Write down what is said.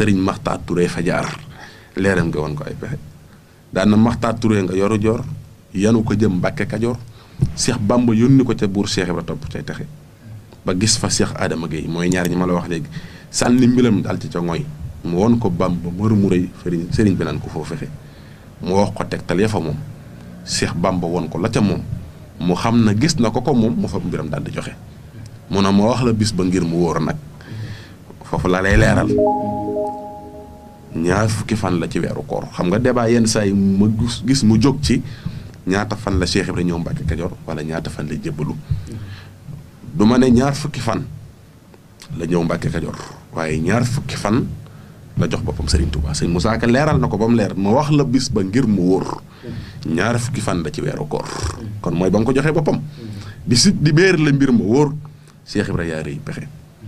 sëriñ Maxtaar Touré fajaar leeram nga won ko ay pexe daan na nga yoru joor yanu ko jëm Mbàkke Kajoor Seex Bàmba yónni ko ca buur Seex Ibra topp cay texe ba gis fa Seex Adama Gueye mooy ñaar ñi ma la wax léegi sànni mbilam dal ci ca ngooy mu won ko Bàmba mër mu rëy sëriñ sëriñ bi naan ko foo fexe mu wax ko tegtal ya fa moom Seex ko la ca moom mu xam na gis na ko ko moom mu mbiram daal di joxe mu ne ma wax la bis ba ngir mu wóor nag foofu la lay leeral ñaar fukki fan la ci wéru koor xam nga débat yenn say ma gis mu jóg ci ñaata fan la cheikh ibrahim ñoom mbàkke kajoor wala ñaata fan la jébbalu duma ma ne ñaar fukki fan la ñëw mbàkke kadior waaye ñaar fukki fan la jox boppam serigne touba serigne moussa ka leral na ko ba mu leer ma wax la bis ba ngir mu wóor ñaar fukki fan la ci wéru koor kon mooy ba mu ko joxee boppam di sit di béer la mbir ma wóor cheikh ibrahim yaa rëy pexe